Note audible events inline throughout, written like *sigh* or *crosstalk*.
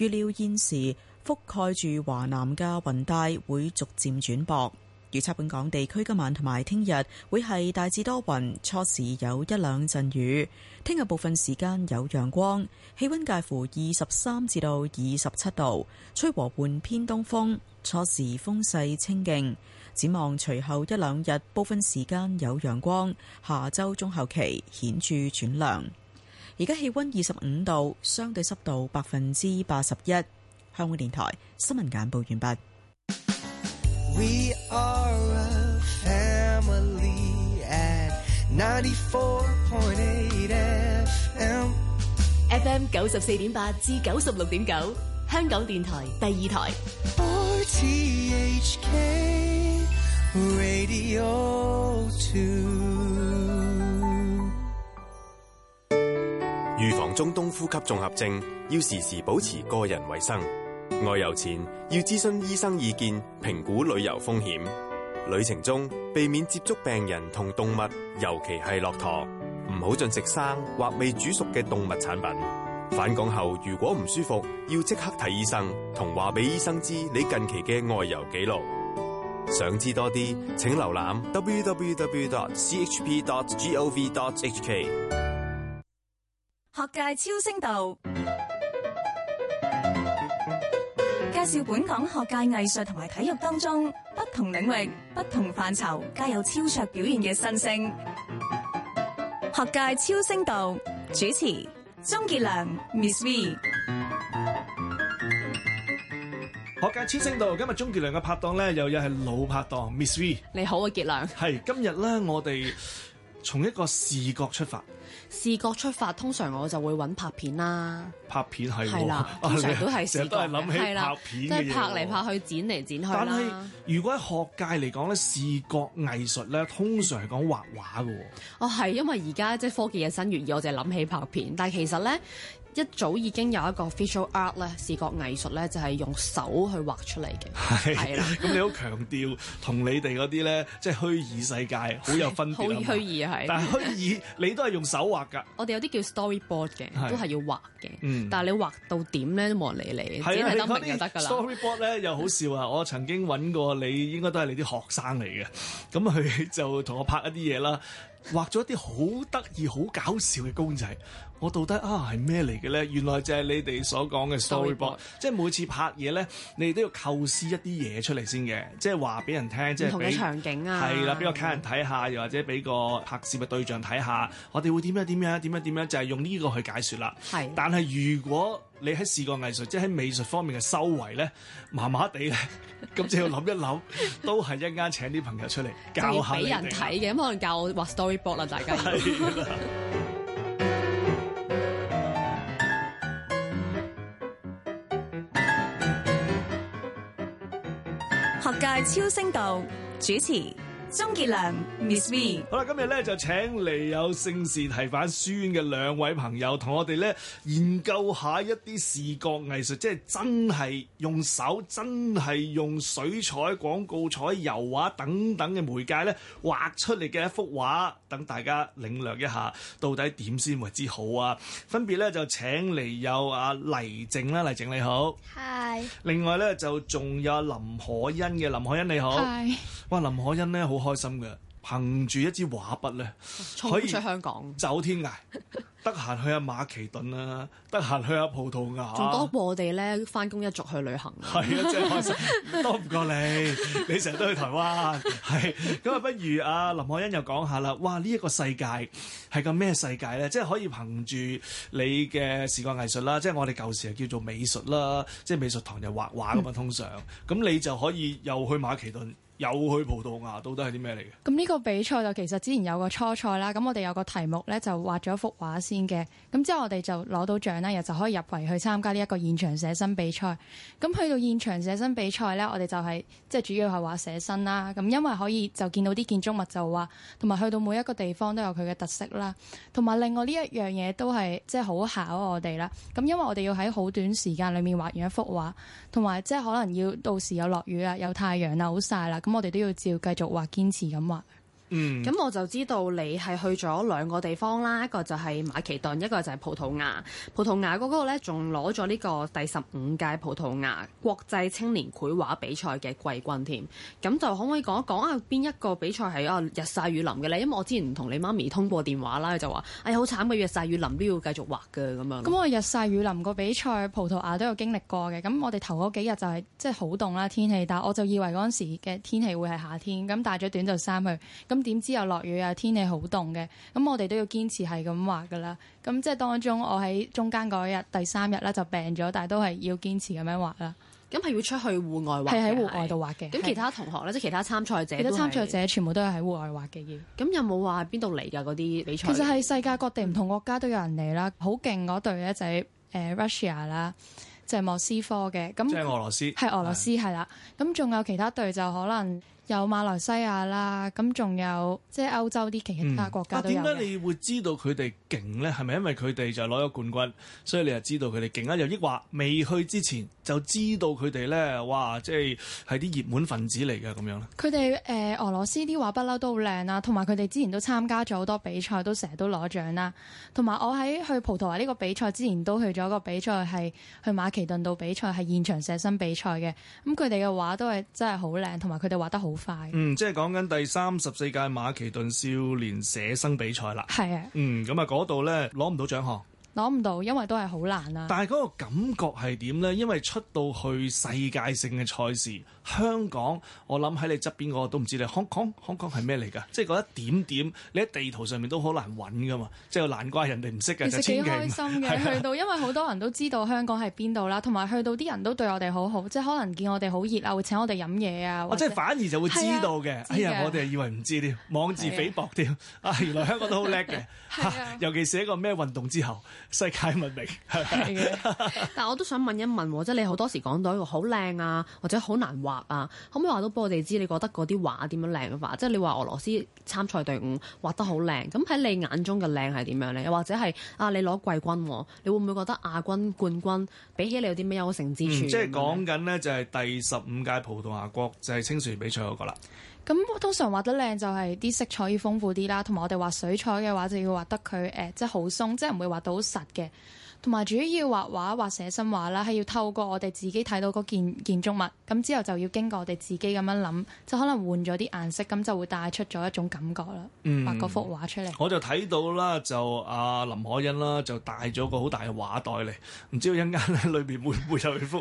預料現時覆蓋住華南嘅雲帶會逐漸轉薄。預測本港地區今晚同埋聽日會係大致多雲，初時有一兩陣雨。聽日部分時間有陽光，氣温介乎二十三至到二十七度，吹和緩偏東風，初時風勢清勁。展望隨後一兩日，部分時間有陽光，下周中後期顯著轉涼。而家氣溫二十五度，相對濕度百分之八十一。香港電台新聞簡報完畢。FM 九十四點八至九十六點九，香港電台第二台。預防中東呼吸綜合症，要時時保持個人衛生。外遊前要諮詢醫生意見，評估旅遊風險。旅程中避免接觸病人同動物，尤其係駱駝。唔好進食生或未煮熟嘅動物產品。返港後如果唔舒服，要即刻睇醫生，同話俾醫生知你近期嘅外遊紀錄。想知多啲，請瀏覽 www.chp.gov.hk。學界超星道介紹本港學界藝術同埋體育當中不同領域、不同範疇皆有超卓表現嘅新星。學界超星道主持鍾傑良，Miss V。學界超星道今日鍾傑良嘅拍檔咧，又有係老拍檔 Miss V。你好啊，傑良。係今日咧，我哋。從一個視覺出發，視覺出發，通常我就會揾拍片啦。拍片係喎，的 *laughs* 通常都係成日都係諗起拍片的即係拍嚟拍去、剪嚟剪去，但係如果喺學界嚟講咧，視覺藝術咧，通常係講畫畫嘅喎。嗯、 *laughs* 哦，係因為而家即係科技日新月異，而我就係諗起拍片。但係其實咧。一早已經有一個 visual art 咧，視覺藝術咧，就係用手去畫出嚟嘅。係啦，咁你好強調同你哋嗰啲咧，即係虛擬世界好有分別。好虛擬係，但係虛擬你都係用手畫㗎。我哋有啲叫 storyboard 嘅，都係要畫嘅。嗯，但係你畫到點咧都冇人理你，只係得明就得㗎啦。storyboard 咧又好笑啊！我曾經揾過你，應該都係你啲學生嚟嘅，咁佢就同我拍一啲嘢啦。畫咗一啲好得意、好搞笑嘅公仔，我到底啊係咩嚟嘅咧？原來就係你哋所講嘅 Storyboard， *music* 即係每次拍嘢咧，你哋都要構思一啲嘢出嚟先嘅，即係話俾人聽，即係唔同嘅場景啊，係啦，俾個客人睇下，又或者俾個拍攝嘅對象睇下，我哋會點樣點樣點樣點樣，就係、是、用呢個去解説啦。係的，但係如果。你喺視覺藝術，即喺美術方面嘅修為咧，麻麻地咧，咁就要諗一諗，都係一間請啲朋友出嚟教下俾人睇嘅，咁可能教我畫 storyboard 啦，大家的。 *laughs* 學界超聲道主持。鍾傑良，Ms V。好啦，今日咧就請嚟有聖士提反書院嘅兩位朋友，同我哋咧研究下一啲視覺藝術，即係真係用手、真係用水彩、廣告彩、油畫等等嘅媒介咧畫出嚟嘅一幅畫。等大家領略一下，到底點先為之好啊？分別咧就請嚟有阿、啊、黎婧啦，黎婧你好。係 Hi。另外咧就仲有林可昕嘅，林可昕你好。係 Hi。哇，林可昕咧好開心嘅，憑住一支畫筆咧，可以出香港走天涯。 *laughs* 得閒去下馬其頓啦，得閒去下葡萄牙，仲多過我哋咧。翻工，一族去旅行，係 *laughs* 啊，真係開心，多唔過你。你成日都去台灣，係咁啊，不如啊。林可昕又講下啦。哇，呢、這、一個世界係個咩世界咧？即係可以憑住你嘅視覺藝術啦，即係我哋舊時就叫做美術啦，即係美術堂又畫畫咁啊。嗯、通常咁你就可以又去馬其頓。有去葡萄牙，到底係啲咩嚟嘅？咁呢個比賽就其實之前有個初賽啦，咁我哋有個題目呢，就畫咗一幅畫先嘅，咁之後我哋就攞到獎啦，又就可以入圍去參加呢一個現場寫生比賽。咁去到現場寫生比賽呢，我哋就係即係主要係畫寫生啦。咁因為可以就見到啲建築物就畫，同埋去到每一個地方都有佢嘅特色啦。同埋另外呢一樣嘢都係即係好考我哋啦。咁因為我哋要喺好短時間裏面畫完一幅畫，同埋即係可能要到時有落雨啊，有太陽啊，好晒啦。我哋都要照繼續畫，堅持咁畫。咁、嗯、我就知道你係去咗兩個地方啦，一個就係馬其頓，一個就係葡萄牙。葡萄牙嗰個咧仲攞咗呢個第十五屆葡萄牙國際青年繪畫比賽嘅季軍添。咁就可唔可以講一講啊？邊一個比賽係啊日曬雨淋嘅咧？因為我之前同你媽咪通過電話啦，佢就話：哎，好慘嘅，日曬雨淋都要繼續畫㗎咁樣。咁我日曬雨淋個比賽葡萄牙都有經歷過嘅。咁我哋頭嗰幾日就係、是、即係好凍啦天氣，但係我就以為嗰陣時嘅天氣會係夏天，咁帶咗短袖衫去，咁。點知又落雨啊！天氣好凍嘅，咁我哋都要堅持係咁畫噶啦。咁即係當中，我喺中間嗰日第三日咧，就病咗，但係都係要堅持咁樣畫啦。咁係要出去戶外畫，係喺戶外度畫嘅。咁其他同學咧，即係其他參賽者，其他參賽者全部都係喺戶外畫嘅嘢。咁有冇話邊度嚟噶？嗰啲比賽其實係世界各地唔同國家都有人嚟啦。好勁嗰隊咧就係誒 Russia 啦，就係莫斯科嘅。咁即係俄羅斯，係俄羅斯係啦。咁仲有其他隊就可能。有馬來西亞啦，咁仲有即係歐洲啲其他國家都有。嗯，啊，點解你會知道佢哋勁呢？係咪因為佢哋就攞咗冠軍，所以你又知道佢哋勁啊？又抑或未去之前就知道佢哋呢？哇，即係係啲熱門分子嚟嘅咁樣。佢哋誒俄羅斯啲畫不嬲都好靚啦，同埋佢哋之前都參加咗好多比賽，都成日都攞獎啦。同埋我喺去葡萄牙呢個比賽之前，都去咗個比賽係去馬其頓度比賽，係現場寫生比賽嘅。咁佢哋嘅畫都係真係好靚，同埋佢哋畫得好。嗯，即係講緊第三十四屆馬其頓少年寫生比賽啦。係啊的。嗯，咁啊，嗰度咧攞唔到獎項？攞唔到，因為都係好難啊！但係嗰個感覺係點咧？因為出到去世界性嘅賽事，香港，我諗喺你側邊個都唔知你香港香港係咩嚟㗎？即係嗰一點點，你喺地圖上面都好難揾㗎嘛！即係難怪人哋唔識嘅。其實幾萬開心嘅，吧去到因為好多人都知道香港係邊度啦，同埋 *laughs* 去到啲人都對我哋好好，即係可能見我哋好熱啊，會請我哋飲嘢啊。即係反而就會知道嘅。哎呀，我哋以為唔知添，妄自菲薄添。啊，啊，原來香港都好叻嘅。 *laughs* 啊、尤其是一個咩運動之後。世界文明，但係我都想問一問，即係你好多時講到一個好靚啊，或者好難畫啊，可唔可以話到俾我哋知？你覺得嗰啲畫點樣靚法？即係你話俄羅斯參賽隊伍畫得好靚，咁喺你眼中嘅靚係點樣呢？又或者係啊，你攞季軍啊，你會唔會覺得亞軍、冠軍比起你有啲咩優勝之處，嗯？即係講緊呢，就係第十五屆葡萄牙國際青少年比賽嗰個啦。咁我通常畫得靚就係啲色彩要豐富啲啦，同埋我哋畫水彩嘅話，就要畫得佢誒，即係好鬆，即係唔會畫到好實嘅。同埋主要畫畫或寫生畫啦，係要透過我哋自己睇到嗰件建築物，咁之後就要經過我哋自己咁樣諗，就可能換咗啲顏色，咁就會帶出咗一種感覺啦。畫、嗯、幅畫出嚟，我就睇到啦，就阿、啊、林可昕啦，就帶咗個好大嘅畫袋嚟，唔知道一陣間喺裏邊會唔會，會有幅，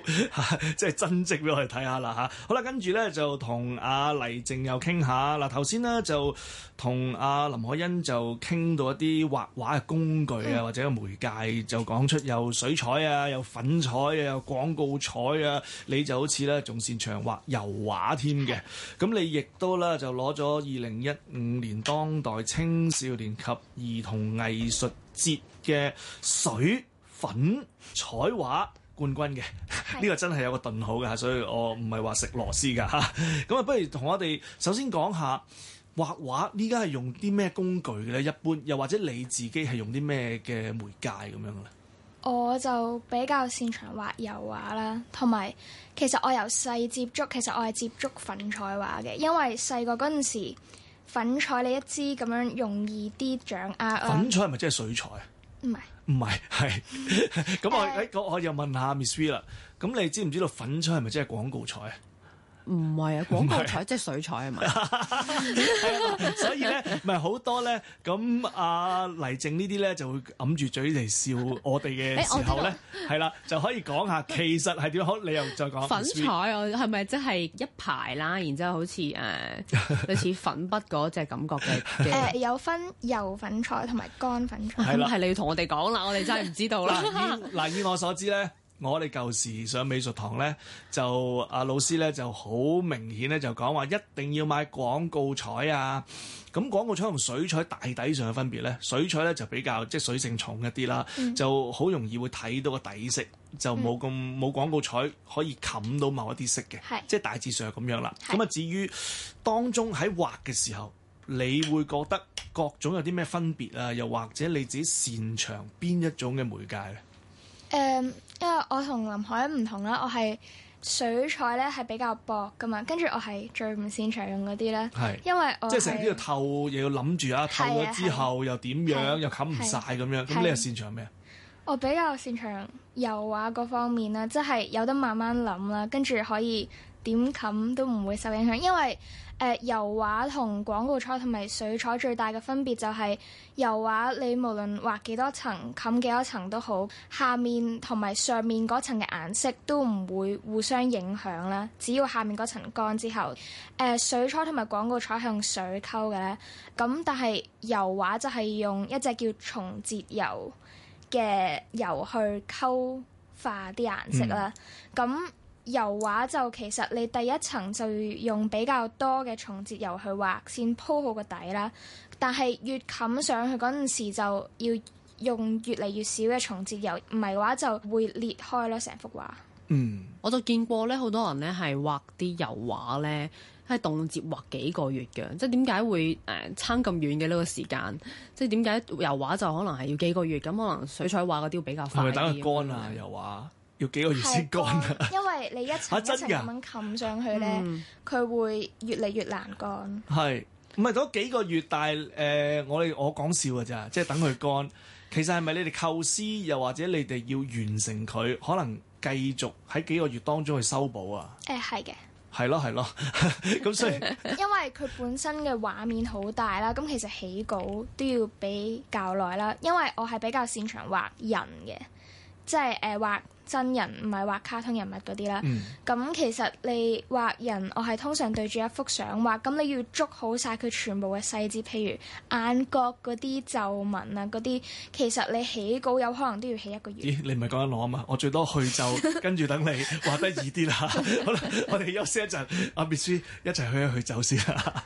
即係真跡俾我哋睇下啦吓，好啦，跟住咧就同阿、啊、黎婧又傾下，嗱頭先呢，就同阿、啊、林可昕就傾到一啲畫畫嘅工具啊，嗯、或者媒介就講。出又水彩啊，又粉彩啊，又廣告彩啊，你就好似咧，仲擅長畫油畫添嘅。咁你亦都咧就攞咗二零一五年當代青少年及兒童藝術節嘅水粉彩畫冠軍嘅。呢是 *laughs* 個真係有個頓號嘅，所以我唔係話食螺絲噶吓。咁啊，不如同我哋首先講下畫畫，依家係用啲咩工具嘅咧？一般又或者你自己係用啲咩嘅媒介咁樣咧？我就比較擅長畫油畫啦，同埋其實我由細接觸，其實我係接觸粉彩畫嘅，因為細個嗰陣時粉彩你一支咁樣容易啲掌握。粉彩係咪即係水彩啊？唔係唔係，係咁、 *laughs* *laughs* 嗯、 *laughs* 我誒咁、呃、我又問下 Ms V 啦，咁你知唔知道粉彩係咪即係廣告彩啊？唔係啊，廣告彩是即係水彩係咪？所以咧，唔係好多咧，咁阿、啊、黎婧呢啲咧就會揞住嘴嚟笑我哋嘅時候咧，係啦、欸，就可以講下其實係點樣好， *laughs* 你又再講粉彩，我係咪即係一排啦？然之後好似誒、呃，類似粉筆嗰隻感覺嘅誒、呃，有分油粉彩同埋乾粉彩。咁係、 *laughs* *laughs* 啊、你要同我哋講啦，我哋真係唔知道啦。嗱、 *laughs* *laughs* 啊，以我所知咧。我哋舊時上美術堂咧，就阿、啊、老師咧就好明顯咧就講話一定要買廣告彩啊！咁廣告彩同水彩大底上嘅分別咧，水彩咧就比較即係、就是、水性重一啲啦，嗯、就好容易會睇到個底色，就冇咁冇廣告彩可以冚到某一啲色嘅，即係、嗯、大致上係咁樣啦。咁啊是，至於當中喺畫嘅時候，你會覺得各種有啲咩分別啊？又或者你自己擅長邊一種嘅媒介咧？誒、嗯，因為我同林可昕唔同啦，我係水彩咧係比較薄㗎嘛，跟住我係最唔擅長用嗰啲咧，是因為我即係成日都要透，又要諗住啊，透咗之後又點樣，的又冚唔晒咁樣，咁你又擅長咩？我比較擅長油畫嗰方面啦，即、就、係、是、有得慢慢諗啦，跟住可以點冚都唔會受影響，因為。呃、油畫同廣告彩同埋水彩最大嘅分別就係油畫你無論畫幾多層冚幾多層都好，下面同埋上面嗰層嘅顏色都唔會互相影響啦。只要下面嗰層乾之後，誒、呃、水彩同埋廣告彩係用水溝嘅，咁但係油畫就係用一隻叫松節油嘅油去溝化啲顏色啦。咁、嗯油畫就其實你第一層就用比較多嘅重節油去畫，先鋪好個底啦。但係越冚上去嗰陣時就要用越嚟越少嘅重節油，唔係嘅話就會裂開咯成幅畫。嗯，我就見過咧，好多人咧係畫啲油畫咧，喺凍節畫幾個月嘅，即係點解會誒差咁遠嘅呢個時間？即係點解油畫就可能係要幾個月？咁可能水彩畫嗰啲比較快啲。係咪等佢乾啊？油畫。要幾個月先乾啊的！ *laughs* 因為你一層一層咁樣冚上去咧，佢會越嚟越難乾。係，唔係嗰幾個月？但係誒、呃，我哋我講笑㗎咋，即係等佢乾。 *laughs* 其實係咪你哋構思，又或者你哋要完成佢，可能繼續喺幾個月當中去修補啊？誒、呃，係嘅。係咯，係咯。咁 *laughs* 所以 *laughs* 因為佢本身嘅畫面好大啦，咁其實起稿都要比較耐啦。因為我係比較擅長畫人嘅。即係誒、呃、畫真人，唔係畫卡通人物嗰啲啦。咁、嗯嗯、其實你畫人，我係通常對住一幅相畫。咁你要捉好晒佢全部嘅細節，譬如眼角嗰啲皺紋啊，嗰啲其實你起稿有可能都要起一個月。咦？你唔係講緊我啊嘛？我最多去就 *laughs* 跟住等你畫得易啲啦。 *laughs* 好啦，我哋休息一陣，阿秘書一齊 *laughs* 去一去就先啦。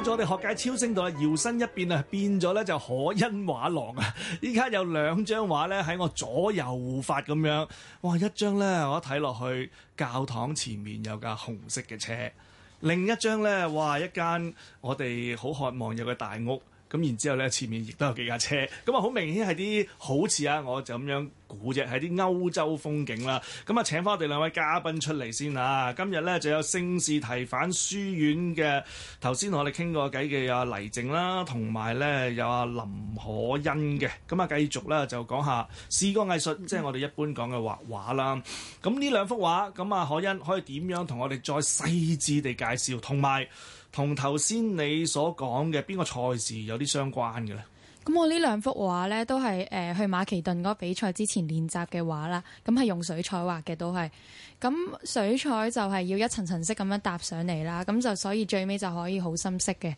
咁我哋學界超聲度啊，搖身一變啊，變咗咧就可昕畫廊啊！依 *laughs* 家有兩張畫咧喺我左右護法咁樣，哇！一張咧我一睇落去教堂前面有架紅色嘅車，另一張咧哇一間我哋好渴望有個大屋，咁然之後咧前面亦都有幾架車，咁啊好明顯係啲好似啊我就咁樣。古啫，係啲歐洲風景啦。咁啊，請返我哋兩位嘉賓出嚟先啊。今日呢，就有聖士提反書院嘅頭先我哋傾過偈嘅阿黎婧啦，同埋呢，有阿、啊、林可昕嘅。咁啊，繼續咧就講下視覺藝術，即、就、係、是、我哋一般講嘅畫畫啦。咁呢兩幅畫，咁啊可昕可以點樣同我哋再細緻地介紹，同埋同頭先你所講嘅邊個賽事有啲相關嘅呢？咁我呢兩幅畫呢，都係誒、呃、去馬其頓嗰比賽之前練習嘅畫啦。咁係用水彩畫嘅，都係。咁水彩就係要一層層色咁樣搭上嚟啦。咁就所以最尾就可以好深色嘅。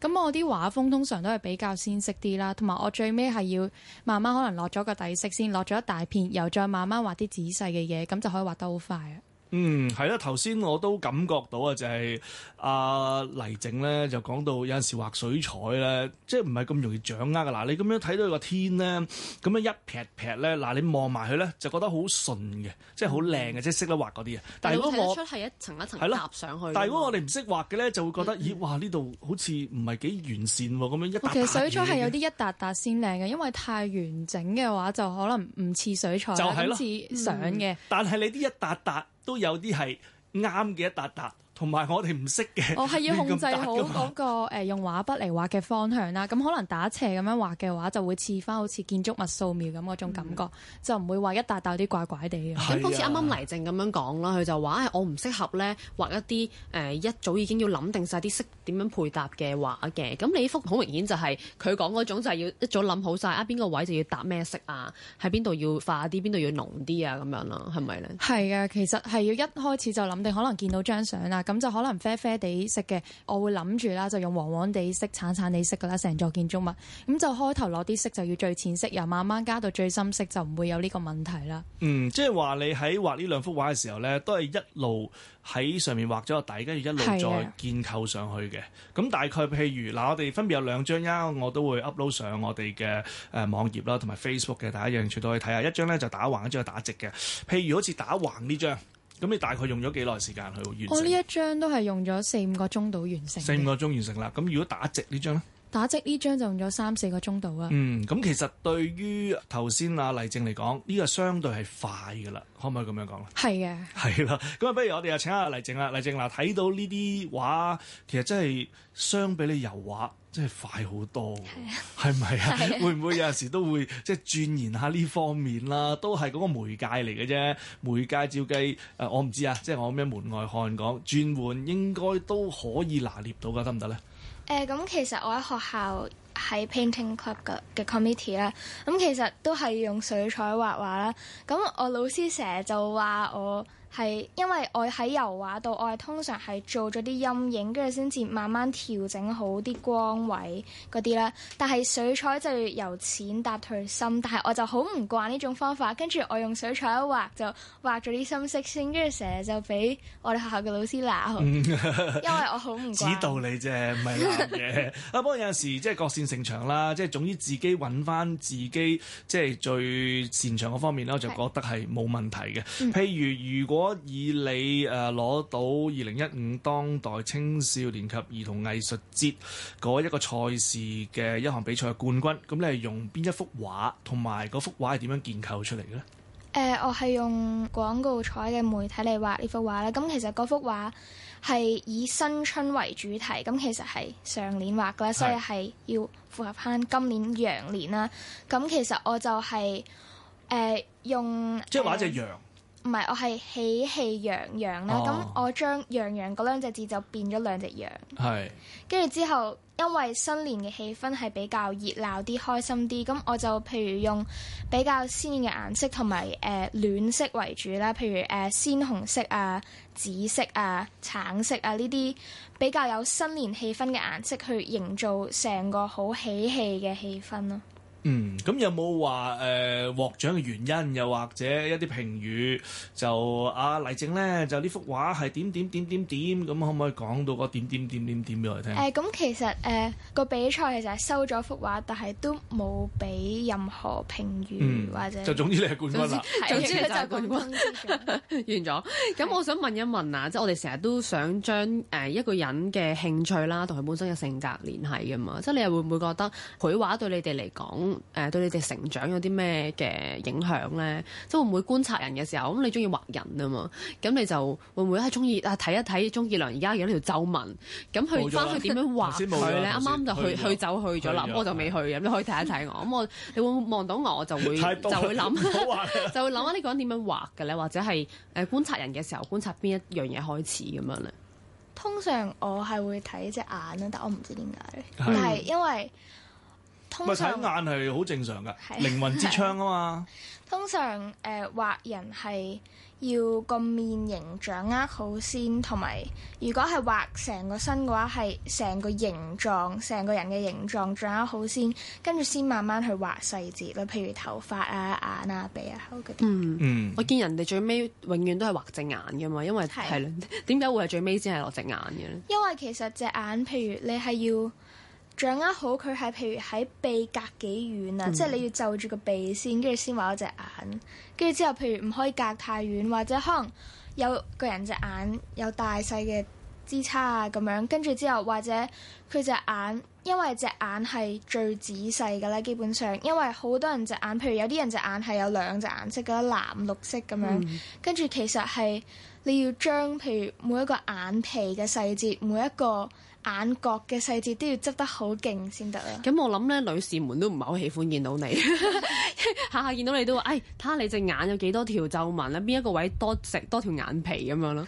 咁我啲畫風通常都係比較鮮色啲啦，同埋我最尾係要慢慢可能落咗個底色先，落咗一大片，又再慢慢畫啲仔細嘅嘢，咁就可以畫得好快啊。嗯，係啦，頭先我都感覺到、就係、啊，就係阿黎靜咧就講到有陣時畫水彩咧，即係唔係咁容易掌握嘅。嗱，你咁樣睇到個天咧，咁樣一撇撇咧，嗱，你望埋佢咧就覺得好順嘅、嗯，即係好靚嘅，即係識得畫嗰啲嘅。但係如果我水彩係一層一層搭上去。但係如果我哋唔識畫嘅咧，就會覺得咦，哇、嗯！呢度好似唔係幾完善喎，咁樣一沓沓，其實水彩係有啲一沓沓先靚嘅，因為太完整嘅話就可能唔似水彩啦，好似相嘅。嗯、但係你啲一沓沓。都有啲係啱嘅一笪笪。同埋我哋唔識嘅，我係、哦、要控制好嗰、嗰個誒 *laughs* 用畫筆嚟畫嘅方向啦。咁可能打斜咁樣畫嘅話就會似翻好似建築物素描咁嗰種感覺，嗯、就唔會話一笪笪啲怪怪哋嘅。咁好似啱啱黎婧咁樣講啦，佢就話係我唔適合咧畫一啲誒、呃、一早已經要諗定晒啲色點樣配搭嘅畫嘅。咁你幅好明顯就係佢講嗰種就係要一早諗好晒啊，邊個位就要搭咩色啊，喺邊度要化啲，邊度要濃啲啊？咁樣咯，係咪咧？係啊，其實係要一開始就諗定，可能見到張相啦。咁就可能啡啡地色嘅，我會諗住啦，就用黃黃地色、橙橙地色噶啦，成座建築物。咁就開頭攞啲色就要最淺色，又慢慢加到最深色，就唔會有呢個問題啦。嗯，即係話你喺畫呢兩幅畫嘅時候咧，都係一路喺上面畫咗個底，跟住一路再建構上去嘅。咁大概譬如，嗱，我哋分別有兩張啦，我都會 upload 上我哋嘅誒網頁啦，同埋 Facebook 嘅，大家有興趣都可以睇下。一張咧就打橫，一張打直嘅。譬如好似打橫呢張。咁你大概用咗幾耐時間去完成？我呢一張都係用咗四五個鐘度完成。四五個鐘完成啦，咁如果打直呢張咧？打直呢張就用咗三四個鐘度啊。嗯，咁其實對於頭先啊黎婧嚟講，呢個相對係快噶啦，可唔可以咁樣講咧？係嘅的。係啦， *laughs* 咁啊，不如我哋又請下黎婧啦。黎婧嗱，睇到呢啲畫，其實真係相比你油畫。真係快好多，係咪啊？會唔會有陣時都會即係鑽研下呢方面啦、啊？都係嗰個媒介嚟嘅啫，媒介照計誒、呃，我唔知啊。即係我咩門外漢講轉換，應該都可以拿捏到㗎，得唔得咧？誒、呃，咁其實我喺學校喺 painting club 嘅嘅 committee 啦，咁其實都係用水彩畫畫啦。咁我老師成日就話我。係因為我喺油畫度，我係通常係做咗啲陰影，跟住先至慢慢調整好啲光位嗰啲啦。但係水彩就要由淺搭褪深，但係我就好唔慣呢種方法。跟住我用水彩一畫就畫咗啲深色先，跟住成日就俾我哋學校嘅老師鬧，嗯、因為我好唔。指導你啫，唔係嘅。啊，不過 *laughs* 有陣時即係、就是、各擅勝場啦，即、就、係、是、總之自己揾翻自己即係、就是、最擅長嗰方面啦，我就覺得係冇問題嘅。譬是如如果我以你誒攞、呃、到二零一五當代青少年及兒童藝術節嗰一個賽事嘅一項比賽冠軍，咁你係用邊一幅畫，同埋嗰幅畫係點樣建構出嚟嘅咧？誒、呃，我係用廣告彩嘅媒體嚟畫呢幅畫啦。咁其實嗰幅畫係以新春為主題，咁其實係上年畫嘅，是所以係要符合翻今年羊年啦。咁其實我就係、是、誒、呃、用即係畫一隻羊。唔係，我係喜氣洋洋咧。咁、哦、我將洋洋嗰兩隻字就變咗兩隻羊。係是。跟住之後，因為新年嘅氣氛係比較熱鬧啲、開心啲，咁我就譬如用比較鮮艷嘅顏色同埋誒暖色為主啦，譬如誒鮮、呃、紅色啊、紫色啊、橙色啊呢啲比較有新年氣氛嘅顏色去營氣氣，去營造成個好喜氣嘅氣氛咯。嗯，咁有冇話誒獲獎嘅原因，又或者一啲評語？就阿、啊、黎婧咧，就呢幅畫係點點點點點咁，可唔可以講到個點點點點點俾我哋聽？誒、嗯，咁其實誒、呃那個比賽其實收咗幅畫，但係都冇俾任何評語或者、嗯。就總之你係冠軍啦。總之咧就冠軍。冠軍 *laughs* 完咗。咁我想問一問啊，是即係我哋成日都想將誒一個人嘅興趣啦，同佢本身嘅性格聯繫㗎嘛。即係你又會唔會覺得繪畫對你哋嚟講？誒，對你哋成長有啲咩嘅影響咧？即係會唔會觀察人嘅時候？咁你中意畫人啊嘛？咁你就會唔會係中意啊？睇一睇鍾傑良而家有呢條皺紋，咁佢翻去點樣畫佢咧？啱啱就去去走去咗啦，我就未去，咁你可以睇一睇我。咁我你會唔會望到我就會就會諗，就會諗翻呢個人點樣畫嘅咧？或者係誒觀察人嘅時候，觀察邊一樣嘢開始咁樣咧？通常我係會睇隻眼啦，但我唔知點解，但係因為。唔係睇眼係好正常㗎，的靈魂之窗啊嘛。 *laughs* 通常誒、呃、畫人係要個面型掌握好先，同埋如果係畫成個身嘅話，係成個形狀、成個人嘅形狀掌握好先，跟住先慢慢去畫細節咯。譬如頭髮啊、眼啊、鼻啊、口嗰啲。嗯嗯，嗯我見人哋最尾永遠都係畫隻眼㗎嘛，因為係啦，點解會係最尾先係落隻眼嘅咧？因為其實隻眼，譬如你係要。掌握好佢係譬如喺鼻隔幾遠啊，嗯、即係你要就住個鼻先，跟住先畫嗰隻眼，跟住之後譬如唔可以隔太遠，或者可能有個人隻眼有大細嘅之差啊咁樣，跟住之後或者佢隻眼，因為隻眼係最仔細嘅咧，基本上因為好多人隻眼，譬如有啲人隻眼係有兩隻顏色嘅，就是、藍綠色咁樣，跟住、嗯、其實係你要將譬如每一個眼皮嘅細節，每一個。眼角嘅細節都要執得好勁先得啊！咁我諗咧，女士們都唔係好喜歡見到你，下下 *laughs* *laughs* 見到你都話：哎，睇下你隻眼有幾多條皺紋啦，邊一個位多食多條眼皮咁樣咯。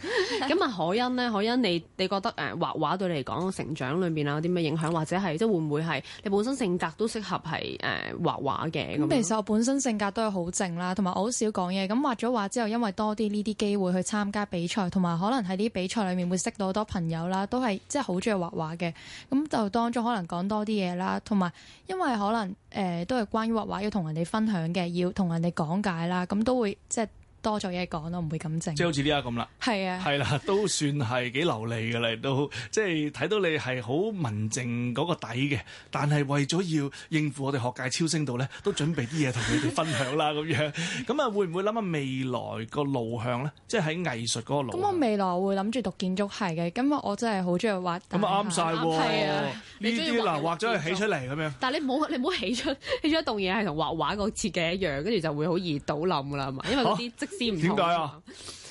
咁啊，可昕呢？可昕你你覺得誒、呃、畫畫對你嚟講成長裏面有啲咩影響，或者係即、就是、會唔會係你本身性格都適合係誒、呃、畫畫嘅？咁其實我本身性格都係好靜啦，同埋我好少講嘢。咁畫咗畫之後，因為多啲呢啲機會去參加比賽，同埋可能喺啲比賽裏面會識到好多朋友啦，都係即係好中意畫畫畫嘅，咁就當中可能講多啲嘢啦，同埋因為可能誒、呃、都係關於畫畫要同人哋分享嘅，要同人哋講解啦，咁都會即係。多咗嘢講咯，唔會咁靜。即係好似呢家咁啦。係啊。係啦、啊，都算係幾流利嘅你都，即係睇到你係好文靜嗰個底嘅，但係為咗要應付我哋學界超聲度咧，都準備啲嘢同佢哋分享啦咁樣。咁啊，會唔會諗下未來個路向咧？即係喺藝術嗰個路。咁我未來我會諗住讀建築系嘅，因為我真係好中意畫。咁啊啱晒喎！係啊，呢啲嗱畫咗佢起出嚟咁樣。但係你唔好你唔好起出起咗一棟嘢係同畫畫個設計一樣，跟住就會好易倒冧噶啦嘛，因為啲即、啊。點解啊？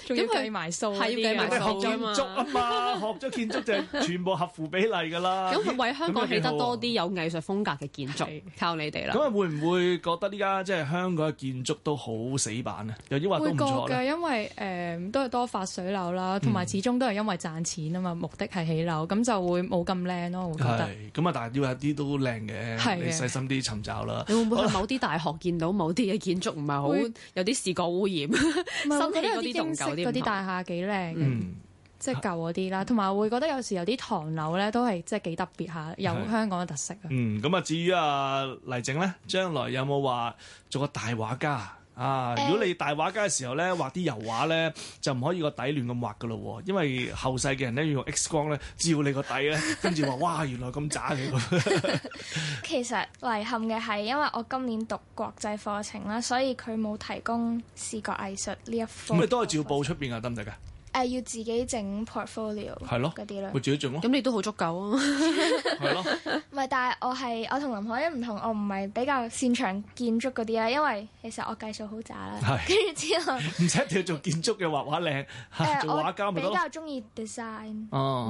咁計埋數，係要計埋數，計數學建築啊嘛， *laughs* 學咗建築就係全部合乎比例㗎啦。咁 *laughs* 為香港起得多啲有藝術風格嘅建築， *laughs* 靠你哋啦。咁啊，會唔會覺得依家即係香港嘅建築都好死板啊？有啲話都唔錯會，因為誒、嗯、都係多發水樓啦，同埋始終都係因為賺錢啊嘛，目的係起樓，咁就會冇咁靚咯。我覺得。咁啊，但係要一啲都靚嘅，的你細心啲尋找啦。你會唔會去某啲大學見到某啲嘅建築唔係好有啲視覺污染？身喺嗰啲嗰啲大廈幾靚，嗯、即係舊嗰啲啦，同埋會覺得有時有啲唐樓咧都係即係幾特別嚇，有香港嘅特色啊。嗯，咁啊至於啊黎婧咧，將來有冇話做個大畫家？啊！如果你大畫家嘅時候咧，畫啲油畫咧，就唔可以個底亂咁畫噶咯，因為後世嘅人咧要用 X 光咧照你個底咧，跟住話：哇，原來咁渣嘅。 *laughs* 其實遺憾嘅係，因為我今年讀國際課程啦，所以佢冇提供視覺藝術呢一科。咁、嗯、你都係照報出邊啊？得唔得㗎？誒、呃、要自己整 portfolio，嗰啲咧咯，咪些自己做咯。咁你都好足夠啊，係咯。唔係，但係我係我同林可昕唔同，我唔係比較擅長建築嗰啲啦，因為其實我計數好渣啦，跟住是之後唔使一定要做建築嘅畫畫靚，呃、做畫家咪咯，我比較中意 design，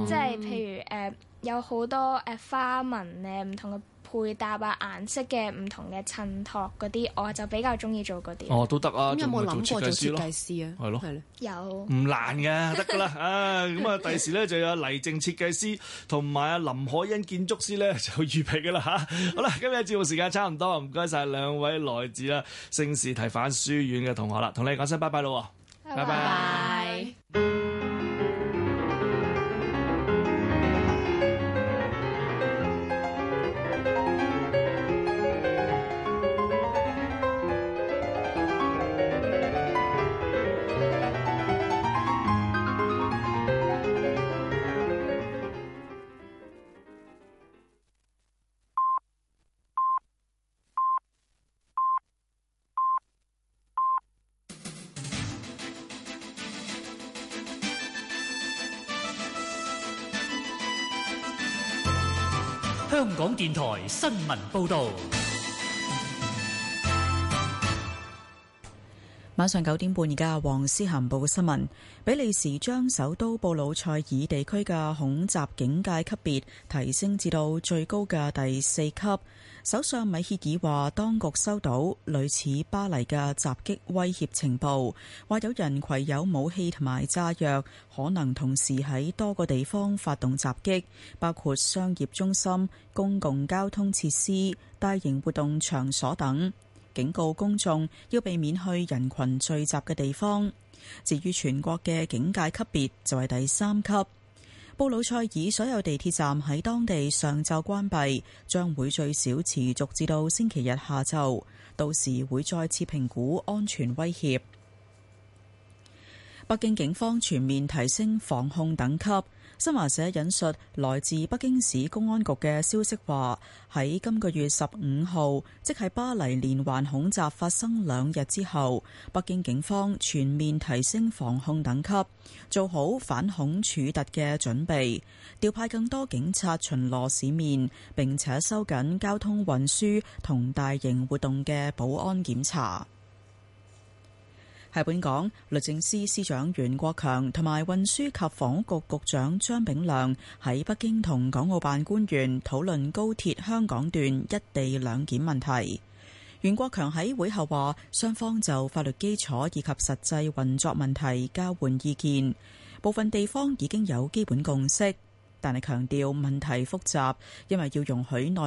即係譬如誒、呃、有好多誒、呃、花紋嘅唔同嘅。配搭啊，顏色嘅唔同嘅襯托嗰啲，我就比較中意做嗰啲哦，都得啊。有冇諗過做設計師啊？係、嗯、咯，有唔難嘅，得噶啦啊。咁啊，第時咧就有黎婧設計師同埋阿林可昕建築師咧就預備噶啦吓。啊、 *laughs* 好啦，今日節目時間差唔多，唔該晒兩位來自啊聖士提反書院嘅同學啦，同你講聲拜拜咯啦，拜拜。台新聞報導。晚上九點半，而家黃思涵報嘅新聞：比利時將首都布魯塞爾地區嘅恐襲警戒級別提升至到最高嘅第四級。首相米歇爾話，當局收到類似巴黎嘅襲擊威脅情報，話有人携有武器同埋炸藥，可能同時喺多個地方發動襲擊，包括商業中心、公共交通設施、大型活動場所等。警告公眾要避免去人群聚集嘅地方。至於全國嘅警戒級別就係第三級。布魯塞爾所有地鐵站喺當地上晝關閉，將會最少持續至到星期日下晝，到時會再次評估安全威脅。北京警方全面提升防控等級。新華社引述來自北京市公安局嘅消息話：喺今個月十五號，即係巴黎連環恐襲發生兩日之後，北京警方全面提升防控等級，做好反恐處突嘅準備，調派更多警察巡邏市面，並且收緊交通運輸同大型活動嘅保安檢查。係本港律政司司長袁國強同埋運輸及房屋局局長張炳良喺北京同港澳辦官員討論高鐵香港段一地兩檢問題。袁國強喺會後話，雙方就法律基礎以及實際運作問題交換意見，部分地方已經有基本共識，但係強調問題複雜，因為要容許內。